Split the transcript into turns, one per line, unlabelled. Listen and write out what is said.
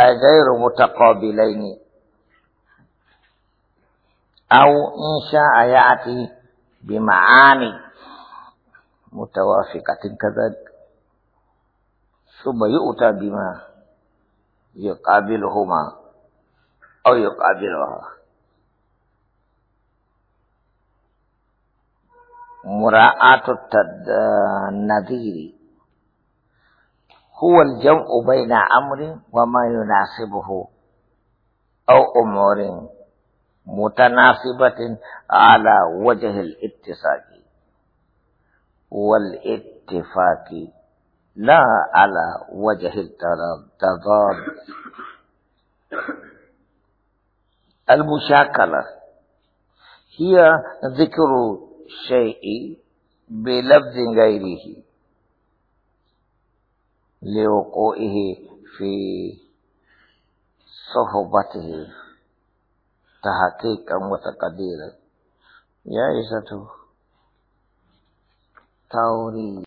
غير متقابلين أو إن شاء يأتي بمعاني متوافقة كذلك ثم يؤتى بما يقابلهما أو يقابلها مراعاة النذير هو الجمع بين أمر وما يناسبه أو أمور متناسبة على وجه الاتساق والاتفاق لا على وجه التضاد المشاكلة هي ذكر شيء
بلفظ
غيره لوقوعه في صحبته تحقيقا وتقديرا يا عزته توري